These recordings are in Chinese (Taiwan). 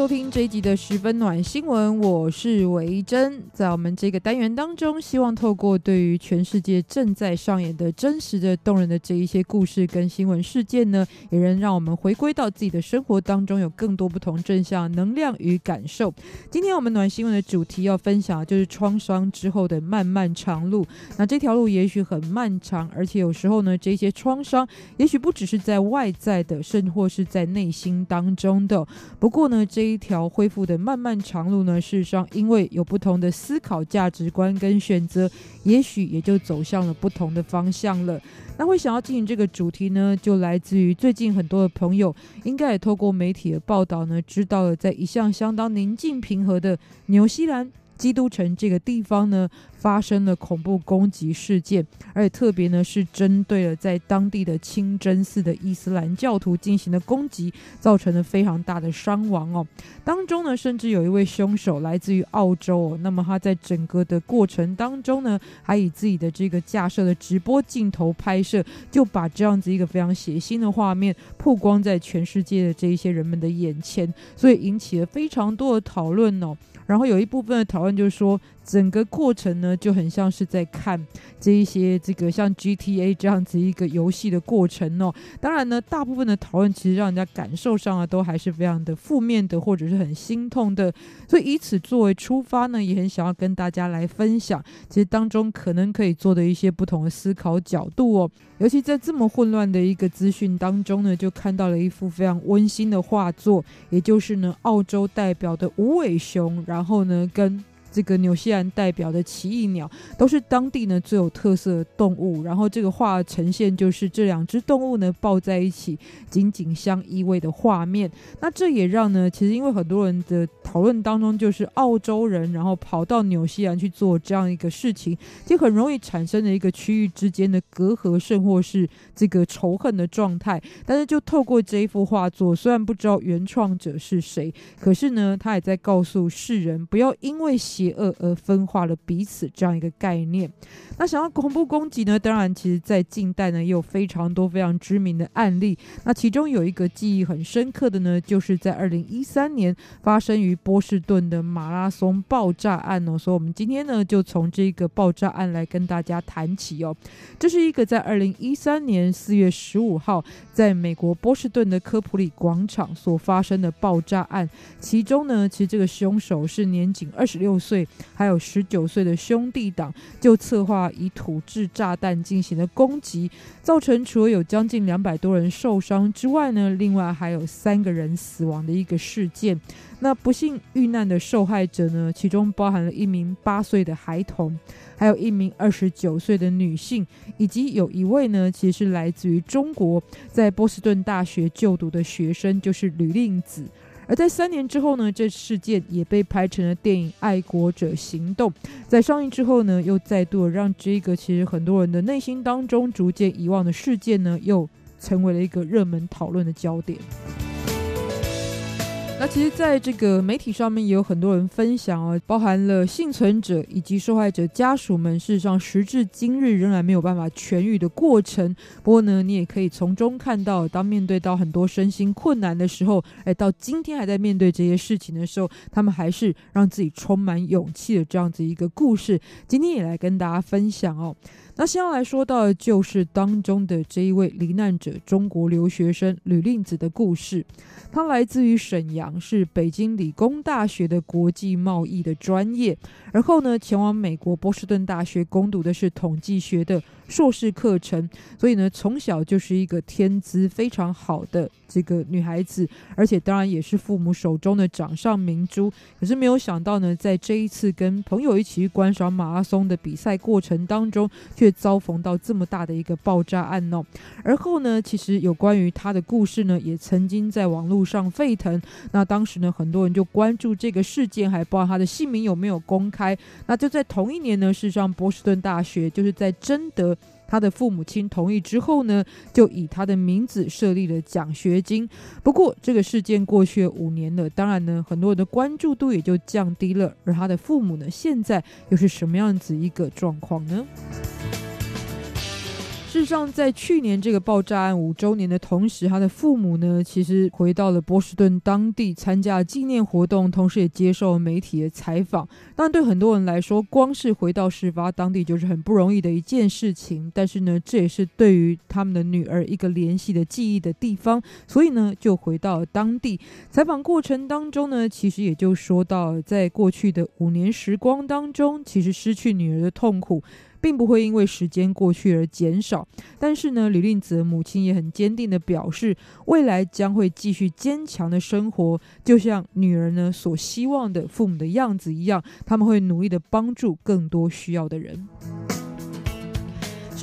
收聽這一集的十分暖新聞，我是維珍。在我們這個單元當中，希望透過對於全世界正在上演的真實的動人的這一些故事跟新聞事件呢，也能讓我們回歸到自己的生活當中，有更多不同正向能量與感受。今天我們暖新聞的主題要分享的就是創傷之後的漫漫長路。那這條路也許很漫長，而且有時候呢，這些創傷也許不只是在外在的，甚或是在內心當中的。不過呢，這一條恢復的漫漫長路呢，事實上，因為有不同的思考價值觀跟選擇，也許也就走向了不同的方向了。那會想要進行這個主題呢，就來自於最近很多的朋友應該也透過媒體的報道呢，知道了在一向相當寧靜平和的紐西蘭基督城這個地方呢。發生了恐怖攻擊事件，而且特別呢是針對了在當地的清真寺的伊斯蘭教徒進行的攻擊，造成了非常大的傷亡哦。當中呢，甚至有一位兇手來自於澳洲哦。那麼他在整個的過程當中呢，還以自己的這個架設的直播鏡頭拍攝，就把這樣子一個非常血腥的畫面曝光在全世界的這一些人們的眼前，所以引起了非常多的討論哦。然後有一部分的討論就是說，整個過程呢。就很像是在看這一些這個像 GTA 這樣子一個遊戲的過程哦。當然呢，大部分的討論其實讓人家感受上啊，都還是非常的負面的，或者是很心痛的。所以以此作為出發呢，也很想要跟大家來分享，其實當中可能可以做的一些不同的思考角度哦。尤其在這麼混亂的一個資訊當中呢，就看到了一幅非常溫馨的畫作，也就是呢，澳洲代表的無尾熊，然後呢跟。這個紐西蘭代表的奇異鳥，都是當地呢最有特色的動物。然後這個畫呈現就是這兩隻動物呢抱在一起，緊緊相依偎的畫面。那這也讓呢，其實因為很多人的討論當中，就是澳洲人然後跑到紐西蘭去做這樣一個事情，就很容易產生了一個區域之間的隔閡，甚或是這個仇恨的狀態。但是就透過這一幅畫作，雖然不知道原創者是誰，可是呢，他也在告訴世人，不要因為。邪惡而分化了彼此這樣一個概念。那想要恐怖攻擊呢，當然，其實，在近代呢，也有非常多非常知名的案例。那其中有一個記憶很深刻的呢，就是在二零一三年發生於波士頓的馬拉松爆炸案哦。所以，我們今天呢，就從這個爆炸案來跟大家談起哦。這是一個在二零一三年四月十五號，在美國波士頓的科普利廣場所發生的爆炸案。其中呢，其實這個凶手是年僅二十六歲。歲，還有十九歲的兄弟檔就策劃以土制炸彈進行了攻擊，造成除了有將近兩百多人受傷之外呢，另外還有三個人死亡的一個事件。那不幸遇難的受害者呢，其中包含了一名八歲的孩童，還有一名二十九歲的女性，以及有一位呢，其實是來自於中國，在波士頓大學就讀的學生，就是呂令子。而在三年之後呢，這事件也被拍成了電影《愛國者行動》。在上映之後呢，又再度讓這個其實很多人的內心當中逐漸遺忘的事件呢，又成為了一個熱門討論的焦點。那其實，在這個媒體上面也有很多人分享哦，包含了倖存者以及受害者家屬們，事實上，時至今日仍然沒有辦法痊癒的過程。不過呢，你也可以從中看到，當面對到很多身心困難的時候，誒、哎，到今天還在面對這些事情的時候，他們還是讓自己充滿勇氣的這樣子一個故事。今天也來跟大家分享哦。那先要來說到的就是當中的這一位罹難者——中國留學生呂令子的故事。他來自於瀋陽，是北京理工大學的國際貿易的專業，然後呢，前往美國波士頓大學攻讀的是統計學的碩士課程，所以呢，從小就是一個天資非常好的這個女孩子，而且當然也是父母手中的掌上明珠。可是沒有想到呢，在這一次跟朋友一起去觀賞馬拉松的比賽過程當中，卻遭逢到這麼大的一個爆炸案哦。而後呢，其實有關於她的故事呢，也曾經在網絡上沸騰。那當時呢，很多人就關注這個事件，還不知道她的姓名有沒有公開。那就在同一年呢，事實上波士頓大學就是在徵得。他的父母親同意之後呢，就以他的名字設立了獎學金。不過，這個事件過去五年了，當然呢，很多人的關注度也就降低了。而他的父母呢，現在又是什麼樣子一個狀況呢？事實上，在去年這個爆炸案五周年的同時，他的父母呢，其實回到了波士頓當地參加紀念活動，同時也接受了媒體的採訪。當然，對很多人來說，光是回到事發當地就是很不容易的一件事情。但是呢，這也是對於他們的女兒一個聯繫的記憶的地方，所以呢，就回到當地。採訪過程當中呢，其實也就說到，在過去的五年時光當中，其實失去女兒的痛苦。並不會因為時間過去而減少，但是呢，李令澤母親也很堅定的表示，未來將會繼續堅強的生活，就像女兒呢所希望的父母的樣子一樣，他們會努力的幫助更多需要的人。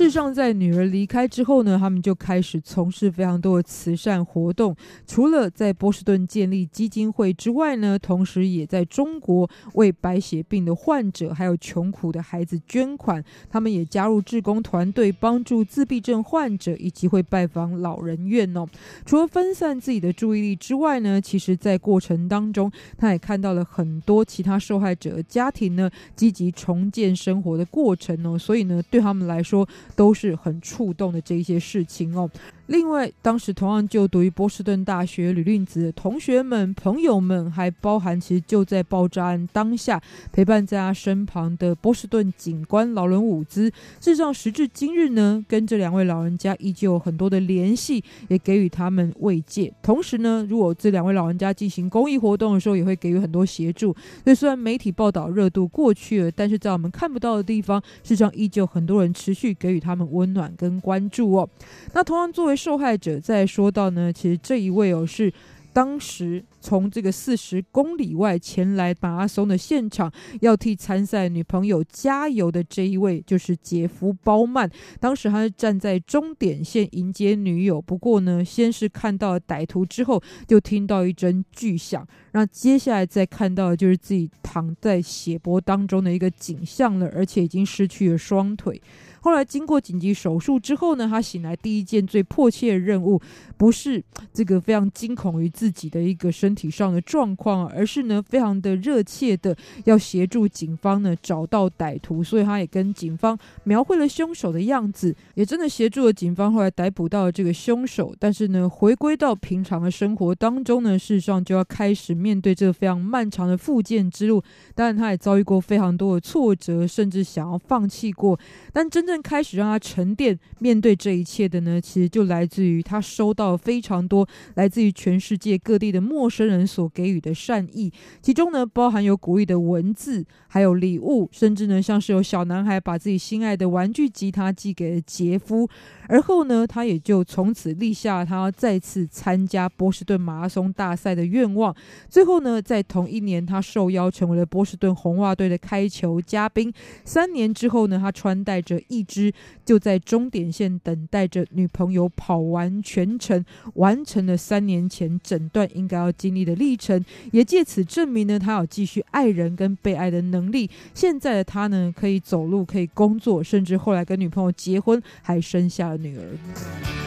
事實上，在女兒離開之後呢，他們就開始從事非常多的慈善活動。除了在波士頓建立基金會之外呢，同時也在中國為白血病的患者還有窮苦的孩子捐款。他們也加入志工團隊，幫助自閉症患者，以及會拜訪老人院哦。除了分散自己的注意力之外呢，其實，在過程當中，他也看到了很多其他受害者家庭呢，積極重建生活的過程哦。所以呢，對他們來說，都是很觸動的這些事情哦。另外，當時同樣就讀於波士頓大學，呂令子的同學們、朋友們，還包含其實就在爆炸案當下陪伴在他身旁的波士頓警官勞倫·伍茲。事實上，時至今日呢，跟這兩位老人家依舊有很多的聯繫，也給予他們慰藉。同時呢，如果這兩位老人家進行公益活動的時候，也會給予很多協助。那雖然媒體報道熱度過去了，但是在我們看不到的地方，事實上依舊很多人持續給予他們溫暖跟關注哦。那同樣作為。受害者再說到呢，其實這一位哦，是當時從這個四十公里外前來馬拉松的現場，要替參賽女朋友加油的這一位，就是傑夫·鮑曼。當時他是站在終點線迎接女友，不過呢，先是看到歹徒之後，就聽到一陣巨響，然後接下來再看到就是自己躺在血泊當中的一個景象了，而且已經失去了雙腿。後來經過緊急手術之後呢，他醒來第一件最迫切的任務，不是這個非常驚恐於自己的一個身體上的狀況啊，而是呢非常的熱切的要協助警方呢找到歹徒，所以他也跟警方描繪了兇手的樣子，也真的協助了警方後來逮捕到了這個兇手。但是呢，回歸到平常的生活當中呢，事實上就要開始面對這個非常漫長的復健之路。當然，他也遭遇過非常多的挫折，甚至想要放棄過，但真正。開始讓他沉澱面對這一切的呢，其實就來自於他收到了非常多來自於全世界各地的陌生人所給予的善意，其中呢包含有鼓勵的文字，還有禮物，甚至呢像是有小男孩把自己心愛的玩具吉他寄給了杰夫，而後呢他也就從此立下他再次參加波士頓馬拉松大賽的願望。最後呢在同一年，他受邀成為了波士頓紅襪隊的開球嘉賓。三年之後呢，他穿戴着一。一直就在終點線等待着女朋友跑完全程，完成了三年前診斷應該要經歷的歷程，也借此證明呢，他有繼續愛人跟被愛的能力。現在的他呢，可以走路，可以工作，甚至後來跟女朋友結婚，還生下了女兒。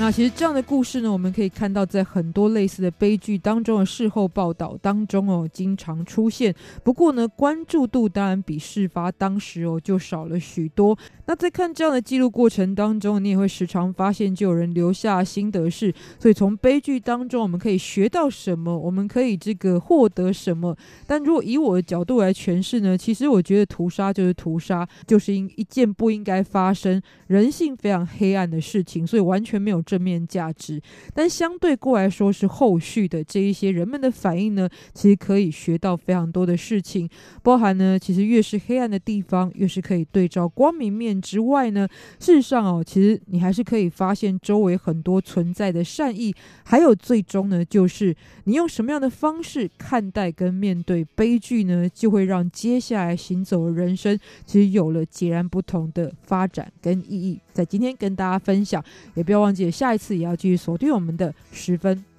那其實這樣的故事呢，我們可以看到，在很多類似的悲劇當中的事後報道當中哦，經常出現。不過呢，關注度當然比事發當時哦就少了許多。那在看這樣的記錄過程當中，你也會時常發現，就有人留下心得事。所以從悲劇當中，我們可以學到什麼？我們可以這個獲得什麼？但如果以我的角度來詮釋呢，其實我覺得屠殺就是屠殺，就是因一件不應該發生、人性非常黑暗的事情，所以完全沒有。正面價值，但相對過來說是後續的這一些人們的反應呢，其實可以學到非常多的事情，包含呢，其實越是黑暗的地方，越是可以對照光明面之外呢，事實上哦，其實你還是可以發現周圍很多存在的善意，還有最終呢，就是你用什麼樣的方式看待跟面對悲劇呢，就會讓接下來行走的人生其實有了截然不同的發展跟意義。在今天跟大家分享，也不要忘記下一次也要繼續鎖定我們的十分。